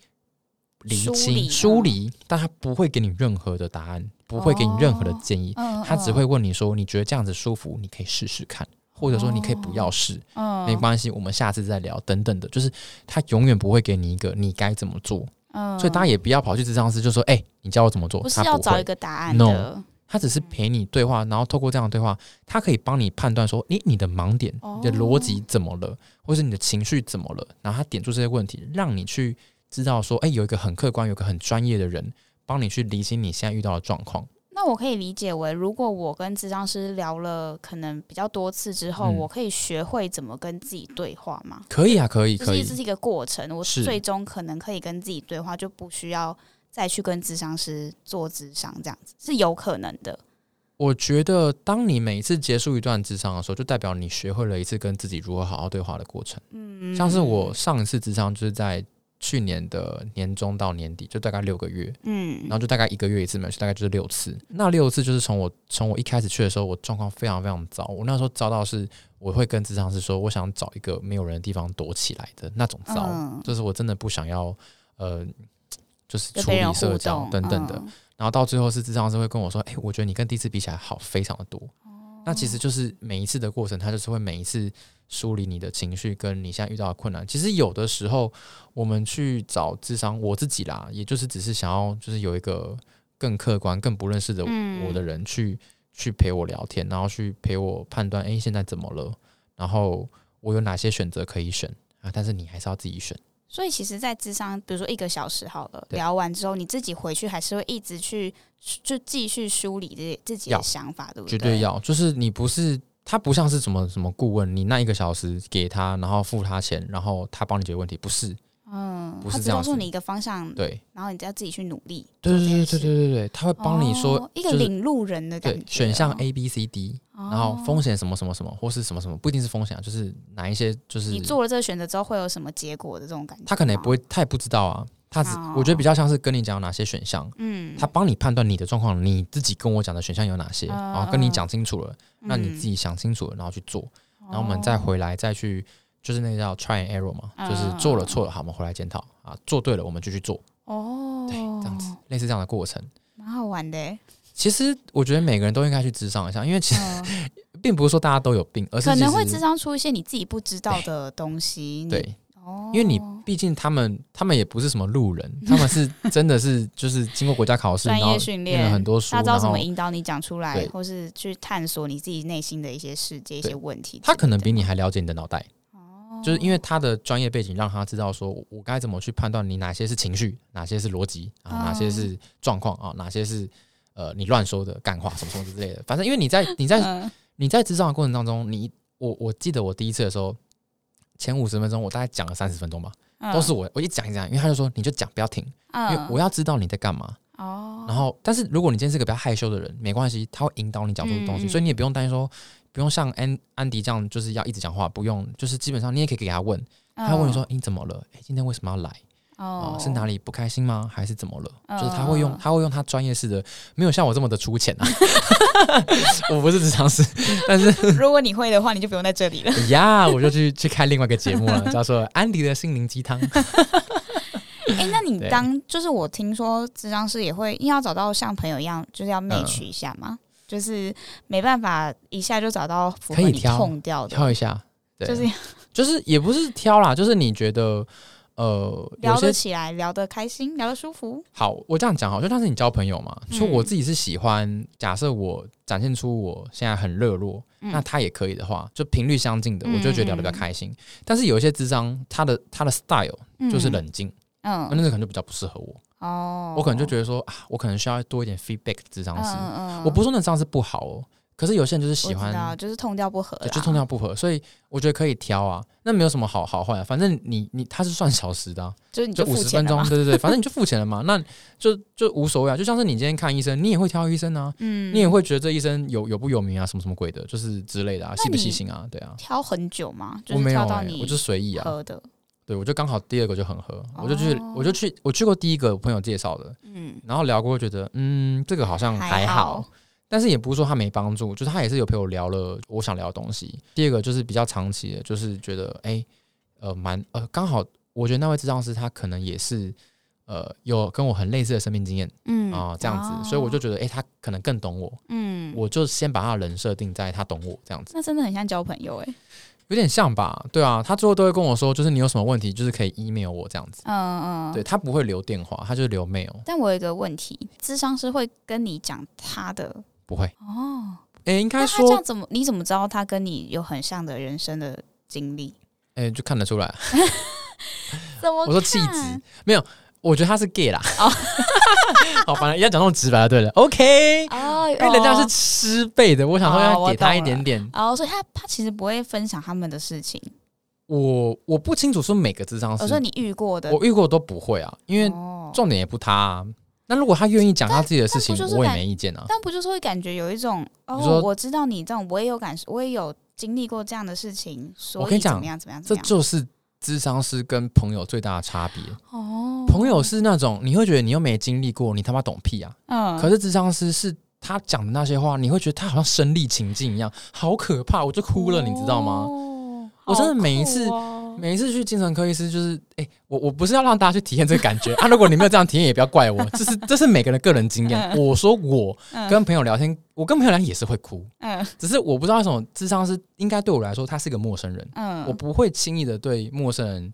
理清梳理，但他不會給你任何的答案，不會給你任何的建議，哦嗯嗯、他只會問你說：“你覺得這樣子舒服？你可以試試看，或者說你可以不要試、嗯嗯，沒關係，我們下次再聊。”等等的，就是他永遠不會給你一個你該怎麼做、嗯。所以大家也不要跑去諮商師，就說：“哎、欸，你教我怎麼做？”不他不會。No，他只是陪你對話，然後透過這樣的對話，他可以幫你判斷說：“哎，你的盲點、你的邏輯怎麼了，哦、或者是你的情緒怎麼了？”然後他點出這些問題，讓你去。知道說，哎、欸，有一個很客觀、有一個很專業的人幫你去理清你現在遇到的狀況。那我可以理解為，如果我跟諮商師聊了可能比較多次之後、嗯，我可以學會怎麼跟自己對話嗎？可以啊，可以，這、就是這是一個過程。我最終可能可以跟自己對話，就不需要再去跟諮商師做諮商，這樣子是有可能的。我覺得，當你每一次結束一段諮商的時候，就代表你學會了一次跟自己如何好好對話的過程。嗯，像是我上一次諮商就是在。去年的年中到年底，就大概六個月，嗯，然後就大概一個月一次，沒去大概就是六次。那六次就是從我從我一開始去的時候，我狀況非常非常糟。我那時候糟到是，我會跟諮商師說，我想找一個沒有人的地方躲起來的那種糟，嗯，就是我真的不想要呃，就是處理社交等等的，嗯。然後到最後是諮商師會跟我說：“哎，我覺得你跟第一次比起來好非常的多。哦”那其實就是每一次的過程，他就是會每一次。梳理你的情緒，跟你現在遇到的困難。其實有的時候，我們去找諮商，我自己啦，也就是只是想要，就是有一個更客觀、更不認識的我，、嗯、我的人去去陪我聊天，然後去陪我判斷，哎、欸，現在怎麼了？然後我有哪些選擇可以選啊？但是你還是要自己選。所以，其實，在諮商，比如說一個小時好了，聊完之後，你自己回去還是會一直去就繼續梳理這自己的想法，對不對？絕對要，就是你不是。他不像是什麼什麼顧問，你那一個小時給他，然後付他錢，然後他幫你解決問題，不是，嗯，他只告訴你一個方向，對，然後你只要自己去努力，對對對對對對對，他會幫你說、哦就是、一個領路人的感覺對選項 A B C D，、哦、然後風險什麼什麼什麼或是什麼什麼，不一定是風險，啊，就是哪一些就是你做了這個選擇之後會有什麼結果的這種感覺，他可能也不會，他也不知道啊。他只我覺得比較像是跟你講有哪些選項，嗯，他幫你判斷你的狀況，你自己跟我講的選項有哪些、嗯，然後跟你講清楚了，讓、嗯、你自己想清楚了，然後去做，然後我們再回來再去，就是那叫 try and error 嘛，嗯、就是做了錯了，好，我們回來檢討啊，做對了，我們就去做。哦，對，這樣子類似這樣的過程，蠻好玩的。其實我覺得每個人都應該去諮商一下，因為其實、嗯、並不是說大家都有病，而是可能會諮商出一些你自己不知道的東西。對。對哦，因為你畢竟他們，他們也不是什麼路人，他們是真的是就是經過國家考試， 專業訓練，然後訓練了很多書，他知道怎麼引導你講出來，或是去探索你自己內心的一些世界、一些問題。他可能比你還了解你的腦袋，哦，就是因為他的專業背景，讓他知道說我，我該怎麼去判斷你哪些是情緒，哪些是邏輯、嗯、啊，哪些是狀況啊，哪些是呃你亂說的幹話什麼什麼之類的。反正因為你在你在你在職場、嗯、的過程當中，你我我記得我第一次的時候。前五十分鐘我大概講了三十分鐘吧、嗯，都是我，我一講一講，因為他就說你就講不要停、嗯，因為我要知道你在幹嘛。哦，然後但是如果你今天是個比較害羞的人，沒關係，他會引導你講這種東西、嗯，所以你也不用擔心說，不用像安安迪這樣就是要一直講話，不用，就是基本上你也可以給他問，他會問你說、嗯、你怎麼了？哎、欸，今天為什麼要來？Oh. 哦，是哪裡不開心嗎？還是怎麼了？Oh. 就是他會用，他會用他專業式的，沒有像我這麼的粗淺啊。 我不是諮商師， 但是如果你會的話，你就不用在這裡了。呀 yeah,，我就去去看另外一個節目了， 叫做《安迪的心靈雞湯》 哎、欸，那你當就是我聽說諮商師也會，因為要找到像朋友一樣，就是要 match 一下嘛、嗯，就是沒辦法一下就找到痛可以你挑一下，對就是就是也不是挑啦，就是你覺得。呃，聊得起來，聊得開心，聊得舒服。好，我這樣講好，就像是你交朋友嘛。說我自己是喜歡，嗯、假設我展現出我現在很熱絡、嗯，那他也可以的話，就頻率相近的，我就覺得聊得比較開心。嗯嗯，但是有一些諮商，他的他的 style 就是冷靜，嗯，那那個可能就比較不適合我哦。我可能就覺得說啊，我可能需要多一點 feedback 諮商師，嗯嗯，我不說那諮商是不好哦。可是有些人就是喜歡，就是痛調不合，就，就是、痛調不合，所以我覺得可以挑啊，那沒有什麼好好壞啊，反正你你他是算小時的、啊，就是就五十分鐘，對對對，反正你就付錢了嘛， 那就就無所謂啊，就像是你今天看醫生，你也會挑醫生啊，嗯，你也會覺得這醫生有有不有名啊，什麼什麼鬼的，就是之類的，啊，細不細心啊，對啊，挑很久嗎？就是、挑到你我沒有、欸，我就隨意啊，喝的，對我就剛好第二個就很合、哦，我就去我就去我去過第一個我朋友介紹的，嗯，然後聊過覺得嗯這個好像還好。還好但是也不是說他沒幫助，就是他也是有陪我聊了我想聊的東西。第二個就是比較長期的，就是覺得哎、欸，呃，蠻呃，剛好我覺得那位諮商師他可能也是呃有跟我很類似的生命經驗，嗯啊、呃，這樣子、哦，所以我就覺得哎、欸，他可能更懂我，嗯，我就先把他的人設定在他懂我這樣子。那真的很像交朋友哎，有點像吧？對啊，他最後都會跟我說，就是你有什麼問題，就是可以 email 我這樣子。嗯嗯，對他不會留電話，他就是留 mail。但我有一個問題，諮商師會跟你講他的。不會哦，哎、欸，應該說這樣怎麼？你怎麼知道他跟你有很像的人生的經歷？哎、欸，就看得出來 我說氣質沒有，我覺得他是 gay 啦。哦、 好，反正要講那麼直白了。對了，OK。哦，因為人家是失配的，我想說要給他一點點。哦，我哦所以他他其實不會分享他們的事情。我我不清楚說每個諮商師。我說你遇過的，我遇過都不會啊，因為重點也不他、啊。那如果他願意講他自己的事情，我也沒意見啊。但不就是會感覺有一種哦，我知道你這種，我也有感受，我也有經歷過這樣的事情。所以我跟你講，怎麼樣，怎麼樣，這就是諮商師跟朋友最大的差別哦。朋友是那種你會覺得你又沒經歷過，你他媽懂屁啊！嗯。可是諮商師是他講的那些話，你會覺得他好像身歷情境一樣，好可怕，我就哭了，哦、你知道嗎、啊？我真的每一次。每一次去精神科醫師，就是誒、欸，我我不是要讓大家去體驗這個感覺 啊！如果你沒有這樣體驗，也不要怪我，這是這是每個人個人經驗、嗯。我說我跟朋友聊天、嗯，我跟朋友聊天也是會哭，嗯，只是我不知道為什麼，諮商是應該對我來說，他是個陌生人，嗯，我不會輕易的對陌生人，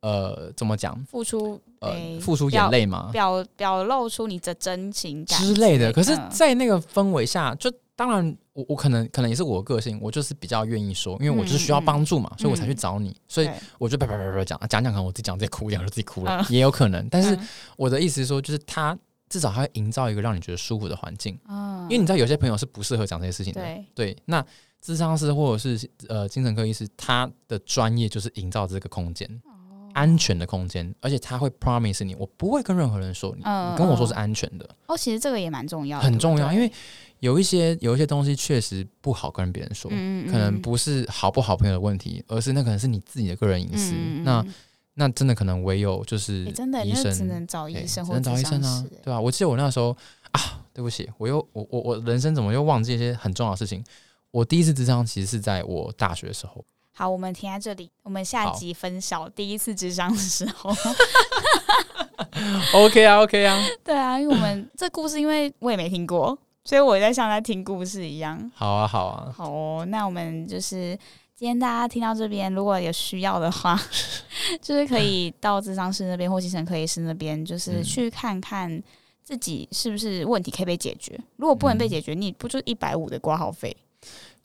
呃，怎麼講，付出呃，付出眼淚嘛，表表露出你的真情，感情之類的。嗯、可是，在那個氛圍下，就。當然，我我可能可能也是我個性，我就是比較願意說，因為我就是需要幫助嘛、嗯，所以我才去找你，嗯、所以我就叭叭叭叭講講講，我自己講自己哭，講着自己哭了、嗯，也有可能。但是我的意思是說，就是他至少他會營造一個讓你覺得舒服的環境、嗯，因為你知道有些朋友是不適合講這些事情的。對，對那諮商師或者是呃精神科醫師，他的專業就是營造這個空間、哦，安全的空間，而且他會 promise 你，我不會跟任何人說你，哦、你跟我說是安全的。哦，其實這個也蠻重要的，很重要，因為。有一些有一些東西確實不好跟別人說，嗯嗯，可能不是好不好朋友的問題，而是那可能是你自己的個人隱私。嗯嗯，那那真的可能唯有就是、欸、真的醫生，只醫生、欸，只能找醫生，能找醫生啊、欸，對吧？我記得我那時候啊，對不起，我又我我我人生怎麼又忘記一些很重要的事情？我第一次諮商其實是在我大學的時候。好，我們停在這裡，我們下集分享第一次諮商的時候。 OK 啊，OK 啊，對啊，因為我們 這故事，因為我也沒聽過。所以我在像在聽故事一樣。好啊，好啊。好哦，那我們就是今天大家聽到這邊，如果有需要的話， 就是可以到諮商室那邊 或精神科醫師那邊，就是去看看自己是不是問題可以被解決。如果不能被解決，嗯、你不就一百五的掛號費？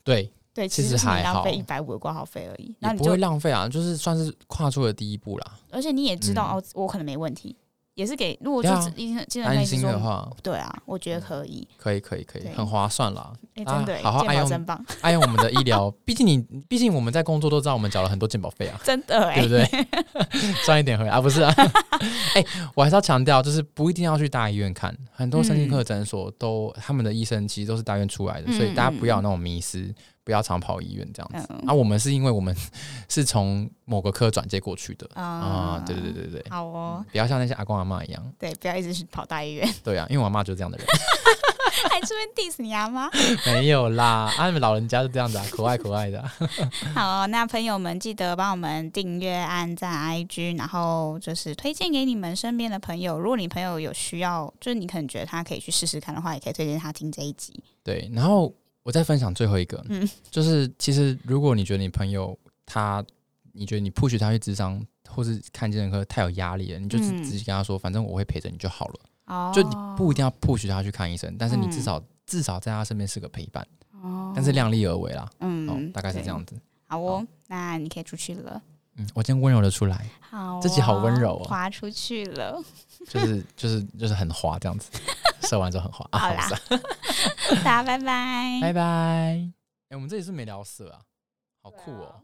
對對，其實還好，浪費一百五的掛號費而已。那不會浪費啊就，就是算是跨出了第一步啦。而且你也知道哦，我可能沒問題。嗯也是給，如果就是醫生、醫生、啊、的話，對啊，我覺得可以，嗯、可，以可，以可以，可以，可以，很划算啦。哎、欸，真的、啊、好好愛用真棒，愛用我們的醫療，畢 竟你，畢竟我們在工作都知道，我們繳了很多健保費啊，真的、欸，對不對？賺 一點回來啊，不是啊。哎、 欸，我還是要強調，就是不一定要去大醫院看，很多身心科診所都、嗯，他們的醫生其實都是大醫院出來的，嗯嗯，所以大家不要那種迷思。不要常跑醫院這樣子、嗯，啊，我們是因為我們是從某個科轉接過去的啊、嗯嗯，對對對對，好哦、嗯，不要像那些阿公阿媽一樣，對，不要一直去跑大醫院，對呀、啊，因為我媽就是這樣的人， 還這邊 diss 你阿媽？沒有啦，阿、啊、你們老人家是這樣子啊， 可愛可愛的、啊。好、哦，那朋友們記得幫我們訂閱、按讚、IG，然後就是推薦給你們身邊的朋友，如果你朋友有需要，就是你可能覺得他可以去試試看的話，也可以推薦他聽這一集。對，然後。我再分享最後一個、嗯，就是其實如果你覺得你朋友他，你覺得你 push 他去諮商，或是看精神科太有壓力了，你就直直接跟他說，反正我會陪着你就好了，哦、就你不一定要 push 他去看醫生，但是你至少、嗯、至少在他身邊是個陪伴、哦，但是量力而為啦，嗯，哦、大概是這樣子。好哦，哦，那你可以出去了。嗯，我今天溫柔的出來，好、哦，自己好溫柔、哦，滑出去了， 就是就是就是很滑這樣子。 色玩就很好，好啊！好啦、啊，大 家、 啊、拜拜，拜拜！哎、欸，我們這裡是沒聊色啊，好酷哦！